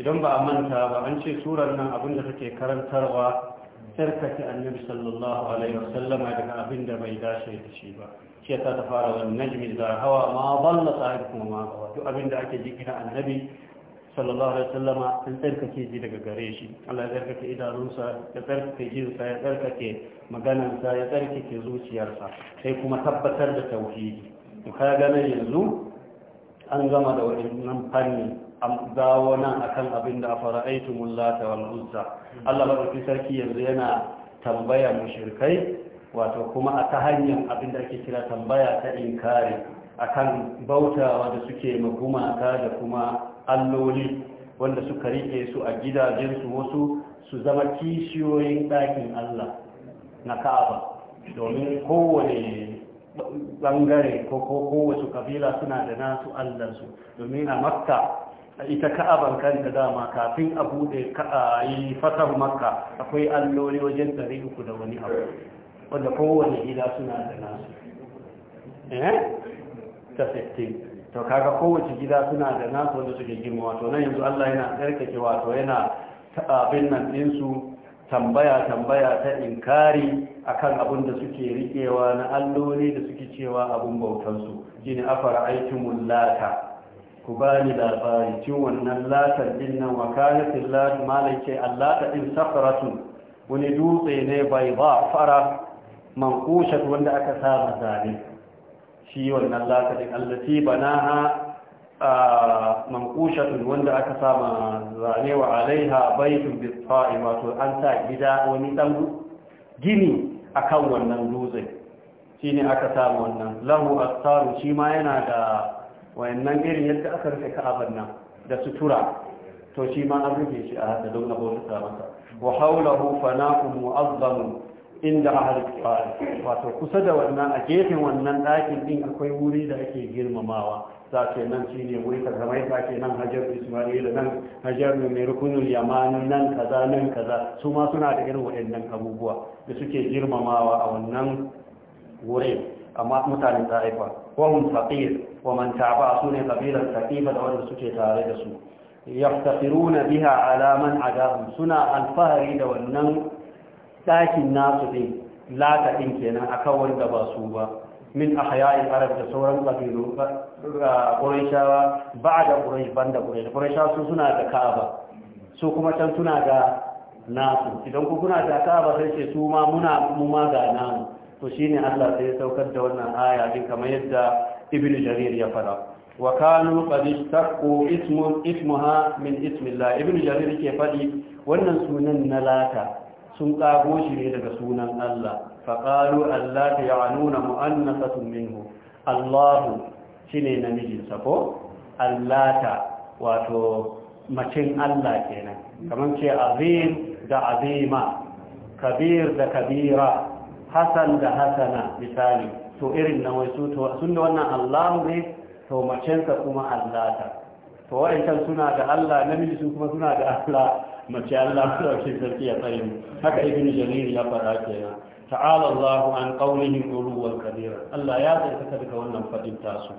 idan ba a manta ba an ce surar nan abinda take karantarwa tarkace annabi sallallahu daga abinda bai dace da shi ba ce ta ta fara wannan najmi da hawa ma balla sahib kuma ma duk abinda ake jikina annabi sallallahu alaihi wasallama an tsarkake ji daga gare shi Allah ya tsarkake idanunsa ya tsarkake jinsa ya tsarkake maganansa ya tsarkake zuciyarsa sai kuma tabbatar da tauhidi to ka ga yanzu an gama da wannan fanni am dawo nan akan abin da fara'aitu mullata wal uzza Allah madauki sarki yanzu yana tambaya mushrikai wato kuma a ta hanyar abin da ake kira tambaya ta inkari akan bautawa da suke magumata da kuma alloli wanda suka rike su a gidajensu wasu su zama kishiyoyin ɗakin Allah na Ka'aba domin kowane bangare ko wasu kabila suna da nasu allansu domin a makka ita ka'aban kanta dama kafin a bude yi fatar makka akwai alloli wajen ɗari uku da wani abu wanda kowane gida suna da nasu eh to kaga kowace gida suna da nasu wanda suke girma wato nan yanzu Allah yana tsarkake wato yana abin nan ɗinsu tambaya tambaya ta inkari akan abin da suke riƙewa na alloli da suke cewa abin bautansu shine afara aikin lata ku bani labari cin wannan latar din nan wa kanatin latu malai ce allata din safaratu wani dutse ne bai ba fara mankushat wanda aka sa zane shi wannan lakarin allati banaha mankushatun wanda aka sama zanewa alaiha baitun bisfa'i wato an sa gida wani dan gini akan wannan dutse ne aka sama wannan lahu astaru shi ma yana da wayannan irin yadda aka rufe ka'abar nan da sutura to shi ma an rufe shi a hada don na bauta masa wa hawlahu fanaqun mu'azzamun inda ahal harfi wato kusa da wannan a gefen wannan ɗakin ɗin akwai wuri da ake girmamawa za yi nan shi ne wuri ka zama ita ke nan hajar ismail nan hajar mai rukunin yamani nan kaza nan kaza su ma suna da irin waɗannan abubuwa da suke girmamawa a wannan wurin amma mutanen ta'ifa wahun hum wa man taɓa su ne kabilar ta'ifa da wanda suke tare da su yaftaqiruna biha alaman man adahum suna alfahari da wannan ɗakin nasu ɗin lata ɗin kenan a kan wanda ba su ba min a hayayin arab da sauran ƙabilu ƙurashawa ba da ƙurashi ban da ƙurashi. ƙuraishawa su suna da ka'aba su kuma can suna da nasu idan ku kuna da ka'aba sai ce su ma muna mu ma ga namu to shine Allah sai ya saukar da wannan aya din kamar yadda Ibn jarir ya fara wa kanu qad ishtaqu ismuha min ismillah ibnu jarir ke fadi wannan sunan na lata sun ƙago shi ne daga sunan Allah faƙalu Allah ta ya nuna mu'annasatun minhu Allahu shi ne namijinsa ko ta wato macin Allah kenan kamar ce azim da azima kabir da kabira hasan da hasana misali to irin na wai to sun da wannan Allah ne to macinsa kuma ta. to wa'ancan suna da Allah namiji su kuma suna da Allah mace Allah su dauke sarki ya tsare haka ibn jarir ya fara kenan ta'ala Allah an qawlihim uluwan kadira, Allah ya tsaka daga wannan fadin tasu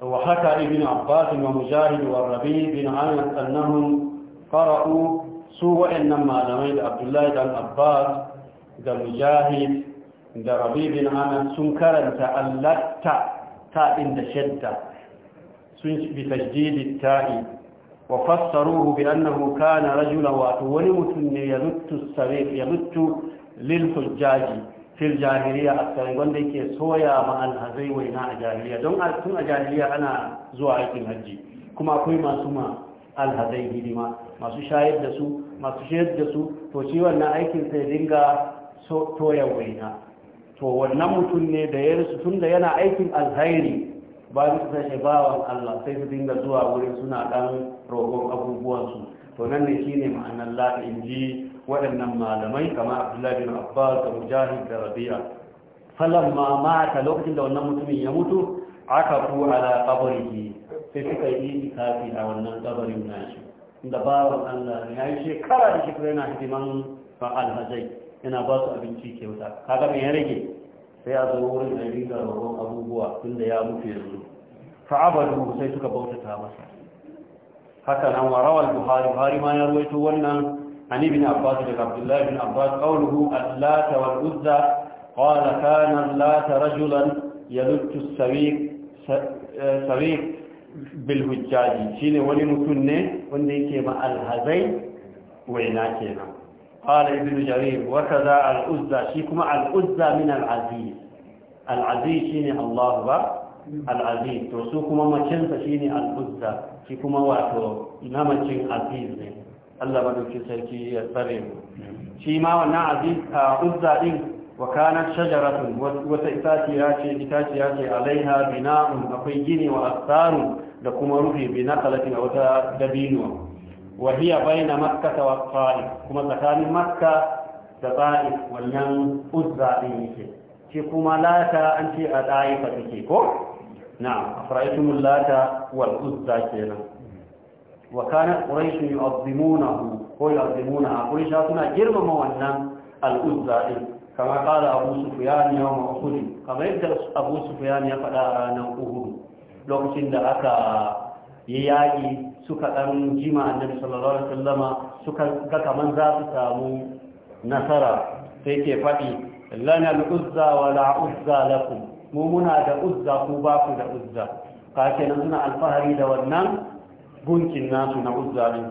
wa haka ibn abbas wa mujahid wa rabi bin anas annahum qara'u su wa'annan malamai da abdullahi dan abbas da mujahid da rabi bin anas sun karanta allatta ta'in da shadda sun bi tajdidit ta'i وفسروه بأنه كان رجلا وأتول متن يلت السريف يلت للحجاج في الجاهلية أكثر يقول لك سويا مع الهزي وإناء الجاهلية دون أتون الجاهلية أنا زوائك الهجي كما أقول ما سمى alhazai hidima masu shayar da su masu shayar da su to shi wannan aikin sai dinga toya waina to wannan mutum ne da ya rasu tun da yana aikin alhairi ba su sashe bawan Allah sai su dinga zuwa wurin suna dan roƙon abubuwansu to nan ne shine ma'anar la in ji waɗannan malamai kamar Abdullahi bin Abbas da Mujahid da Rabi'a falamma mata lokacin da wannan mutumin ya mutu aka ku ala qabrihi sai suka yi tafi a wannan kabarin nashi inda bawan Allah ne ya yi shekara da shekara yana hidiman fa alhazai yana ba su abinci kyauta kaga me ya rage sai ya zo wurin da yi karbarwar abubuwa tun da ya mutu ya zo fa'abarin mu sai suka bautata masa haka nan wa rawal buhari buhari ma ya ruwaito wannan an ibn abbas da abdullahi ibn abbas qawluhu allata wal uzza qala kana allata rajulan yalutu eh, sawiq sawiq bil hujjaji shine wani mutum ne wanda yake ma alhazai waina ina kenan قال ابن جرير وكذا العزة شيكما العزة من العزيز العزيز شيني الله با العزيز توسوكما ما كنت شيني العزة شيكما واتو إنما كن عزيز لي الله بدوكي سيكي يتبرم شيما ونا عزيز عزة إن وكانت شجرة وتأتاتيات عليها بناء أقيجين وأكثار لكم رفي بنقلة أو تدبينه wa baina makka wa ta'if kuma tsakanin makka da ta'if wannan uzza din yake shi kuma lata an ce a ta'ifa take ko na'am afraitum lata wal uzza kenan wa kana quraish yu'azzimunahu ko yu'azzimuna quraish suna girmama wannan al uzza din kama qala abu sufyan kama yadda abu sufyan ya faɗa ranar uhud lokacin da aka ya yaƙi suka ɗan jima annabi sallallahu alaihi wasallama suka ga kaman za su samu nasara sai ke faɗi lana al-uzza wa la uzza lakum mu muna da uzza ku ba ku da uzza ka kenan suna alfahari da wannan gunkin nasu na uzza din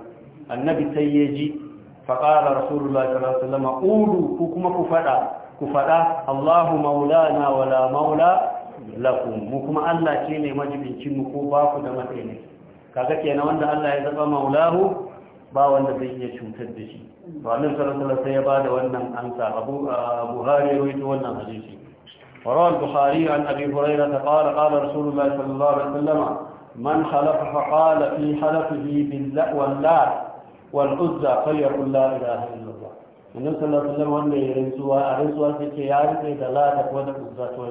annabi sai ya ji fa qala rasulullahi sallallahu alaihi wasallama ulu ku kuma ku faɗa ku faɗa Allahu maulana wa la maula lakum mu kuma Allah ce ne majibincin mu ko ba ku da matsayi kaga kenan wanda Allah ya zaba maulahu ba wanda zai iya cutar da shi Ba annabi sallallahu alaihi wasallam ya bada wannan ansa Abu Buhari ya rawaito wannan hadisi وروى البخاري ta ابي هريره قال قال رسول الله صلى الله عليه وسلم من خلف فقال في حلفه بالله واللات والعزى فليقل لا اله الا الله annabi sallallahu alaihi wasallam wanda ya rantsuwa a rantsuwa sai ya rike da la ta kuma da uzza to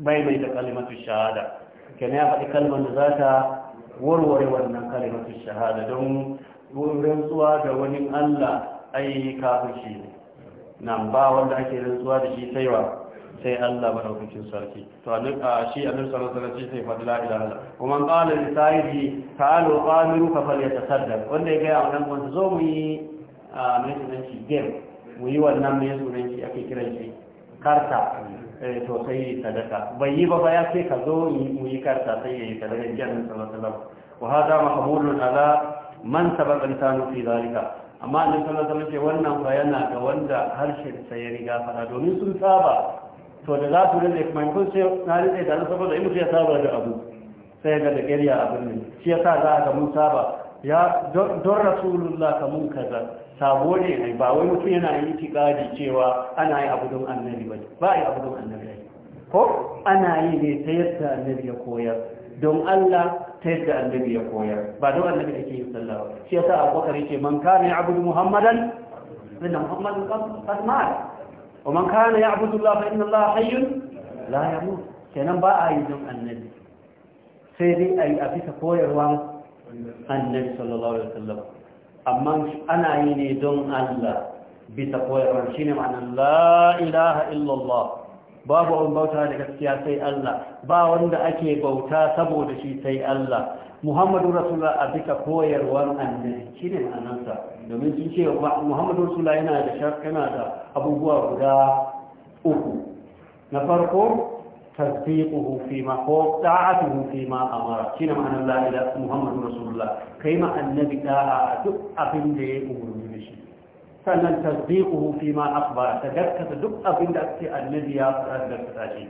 bai bai da kalimatu shahada kana ya faɗi kalmar da za ta warware wannan kalimatu shahada don rantsuwa da wani Allah ai kafin shi ne nan ba wanda ake rantsuwa da shi saiwa sai Allah madaukakin sarki to annabi shi annabi sallallahu alaihi wasallam sai fa la ilaha illa kuma qala li sahibi ta'alu qamiru fa falyatasaddaq wanda ya ga wannan wanda zo mu yi a mai sunan shi game mu yi wannan mai sunan shi ake kiran shi karta Eh, to sai yi sadaka bai yi ba ba ya sai ka zo mu yi karta sai ya yi sadaka jiyar nan sallallahu alaihi wasallam wa hada mahmulun ala man sabaqa lisanu fi zalika amma annabi sallallahu alaihi wasallam ce wannan bayana ga wanda harshen sa ya riga fara domin sun saba to da za su rinde kuma kun sai na rinde da sabo da imu ya saba da abu sai ga da ƙarya abin shi yasa za ga mun saba ya don rasulullah kamun kaza sabo ne ba wai mutum yana yi itikadi cewa ana yi abu don annabi ba ba yi abu don annabi ko ana yi ne ta yadda annabi ya koyar don Allah ta yadda annabi ya koyar ba don annabi da ke yin sallah shi yasa abubakar yake man kana ya'budu muhammadan inna muhammadan qad ma'a wa man kana ya'budu allah fa inna allah hayyun la yamut kenan ba a yi don annabi sai dai a yi a bisa koyarwa annabi sallallahu alaihi wasallam amma ana yi ne don Allah bisa koyarwar shi ne ma'anar la'ilaha illallah babu abin bauta da gaskiya sai Allah ba wanda ake bauta saboda shi sai Allah muhammadu rasulullah a bisa koyarwar annabi shi ne ma'anarsa domin sun ce muhammadu rasulullah yana da abubuwa guda uku na farko tasdiquhu fi ma ko ta'atuhu fi ma amara shine ma'anar la Muhammadu muhammadur rasulullah kai ma annabi da'a duk abin da ya umurni da shi sannan tasdiquhu fi ma akhbara tadakkata duk abinda da ake annabi ya tadakkata shi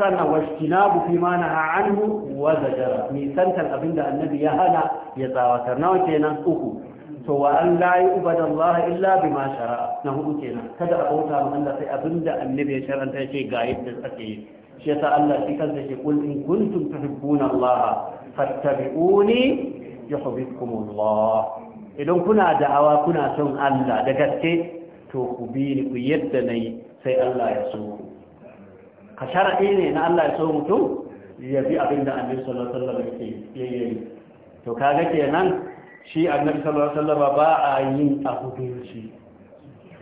sannan washtinabu fi ma naha anhu wa zajara annabi ya hana ya tsawatar nawa kenan uku to wa an la yu'badu Allah illa bima shara'a na hudu kenan kada a bauta ma Allah sai abinda annabi ya sharanta ya ce ga yadda ake yi shi yasa Allah shi kansa ce kul in kuntum tuhibbuna Allah fattabi'uni yuhibbukum Allah idan kuna da'awa kuna son Allah da gaske to ku bi ni ku yadda nayi sai Allah ya so ka shar'i ne na Allah ya so mutum ya bi abinda annabi sallallahu alaihi wasallam yake yi to kaga kenan shi annabi sallallahu alaihi wasallam ba a yin a dinci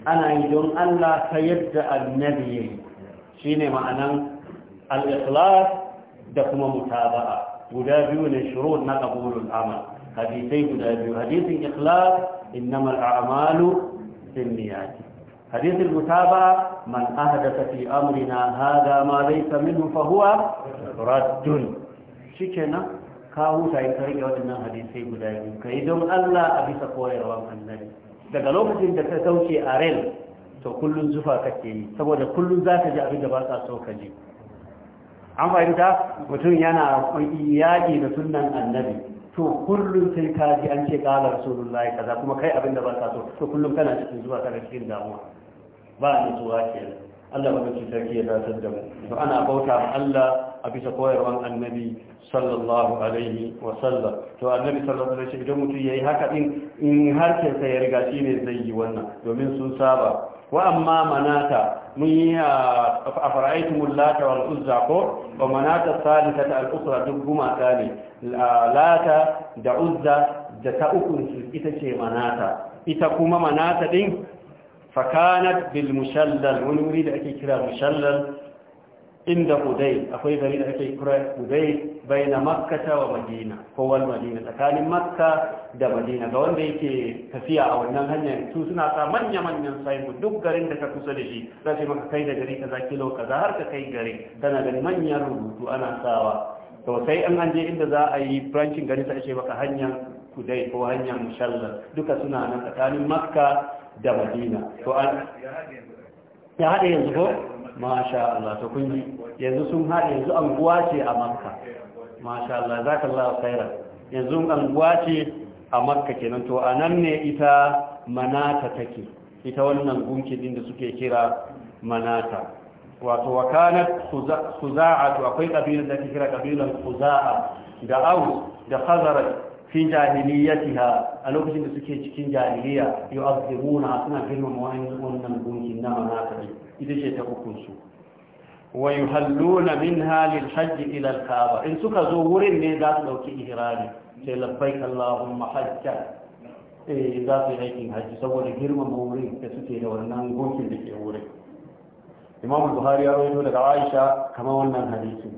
ana yi don Allah ta yadda annabi yayi shine ma'anan al-ikhlas da kuma mutaba'a guda biyu ne shurut na qabulul amal hadisai guda biyu hadisin ikhlas innamal a'malu binniyat hadisin mutaba'a man ahdatha fi amrina hadha ma laysa minhu fa huwa raddun shikenan ka huta yi ka rike waɗannan hadisai guda biyu ka yi don Allah a bisa koyarwar annabi daga lokacin da ka sauke a rel to kullum zufa kake yi saboda kullum za ka ji abin da ba sa so ka ji an fahimta mutum yana yaƙi da sunan annabi to kullum sai ka ji an ce ƙala rasulullah kaza kuma kai abin da ba sa so to kullum kana cikin zuwa kana cikin damuwa ba nutsuwa kenan Allah mafi sarki ya datar da mu to ana bauta ma Allah a bisa koyarwar annabi sallallahu alaihi wa sallam to annabi sallallahu alaihi wa idan mutum yayi haka din in harkar sa ya riga shi ne zai yi wannan domin sun saba wa amma manata mun yi a fara'aitumul lata wal uzza ko wa manata salisata al ukhra duk gumaka ne lata da uzza da ta uku ita ce manata ita kuma manata din fakanat bil wani wuri da ake kira mushallal inda hudai akwai gari da ake kira hudai bai na makkata wa madina kowal madina tsakanin makka da madina ga wanda yake tafiya a wannan hanyar su suna sa manya-manyan saibu duk garin da ka kusa da shi za ce maka kai da gari kaza kilo kaza har ka kai gari tana da manyan rubutu ana sawa to sai an an je inda za a yi branching gari sai ce maka hanyar kudai ko hanyar mushallar duka suna nan tsakanin makka da madina to an ya haɗe yanzu ko masha Allah to kun yanzu sun haɗe yanzu anguwa ce a makka masha Allah ka Allah khaira yanzu anguwa ce a makka kenan to anan ne ita manata take ita wannan gunki din da suke kira manata wato khuza'a To akwai kabilan da kira kabilan khuza'a da aus da khazaraj fi jahiliyatiha a lokacin da suke cikin jahiliya yu'azzibuna suna girmama wannan gunkin na manaka ita ce ta hukunsu su wa yuhalluna minha lil hajj ila kaaba in suka zo wurin ne za su dauki ihirari. sai labbaik allahumma hajja eh za su yi aikin hajji saboda girmama wurin da suke da wannan gunkin da ke wurin imam buhari ya rawaito daga aisha kamar wannan hadisi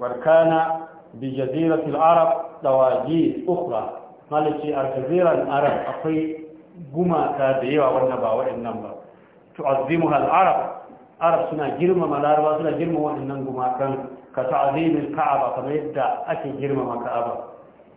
warkana bi jaziratil arab dawagi ukra malici a kaziran arab akwai gumaka da yawa wanda ba waɗannan ba tu'azzimu hal arab arab suna girmama laraba suna girmama waɗannan gumakan ka ta'azimil ka'aba kamar yadda ake girmama ka'aba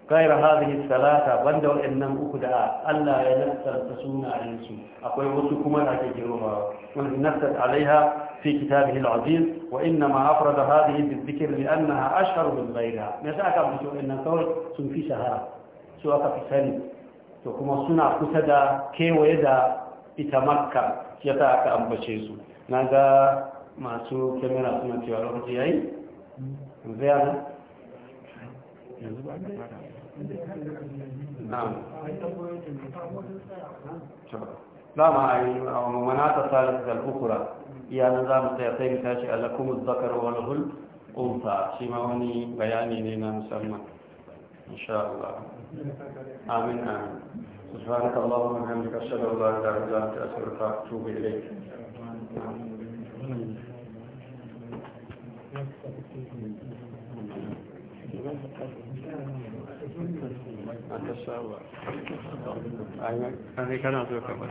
gaira hadhihi salata banda waɗannan uku da Allah ya nassar ta sunayen su akwai wasu kuma da ake girma wa nassat alaiha fi kitabihi al-aziz wa inna ma afrada hadhihi bi-dhikr li annaha ashhar min ghayriha me yasa aka ambata wa'annan kawai sun fi shahara su aka fi to kuma suna kusa da kewaye da ita makka yasa aka ambace su naga masu kamera suna cewa ya na نعم لا ما منات الثالثة الأخرى يا نظام سيطين تاشي لكم الذكر والغل أنثى شما وني بياني لنا مسمى إن شاء الله آمين آمين سبحانك اللهم وبحمدك أشهد أن لا إله إلا أنت أستغفرك وأتوب إليك Thank you. a aka saba a ne kana so ka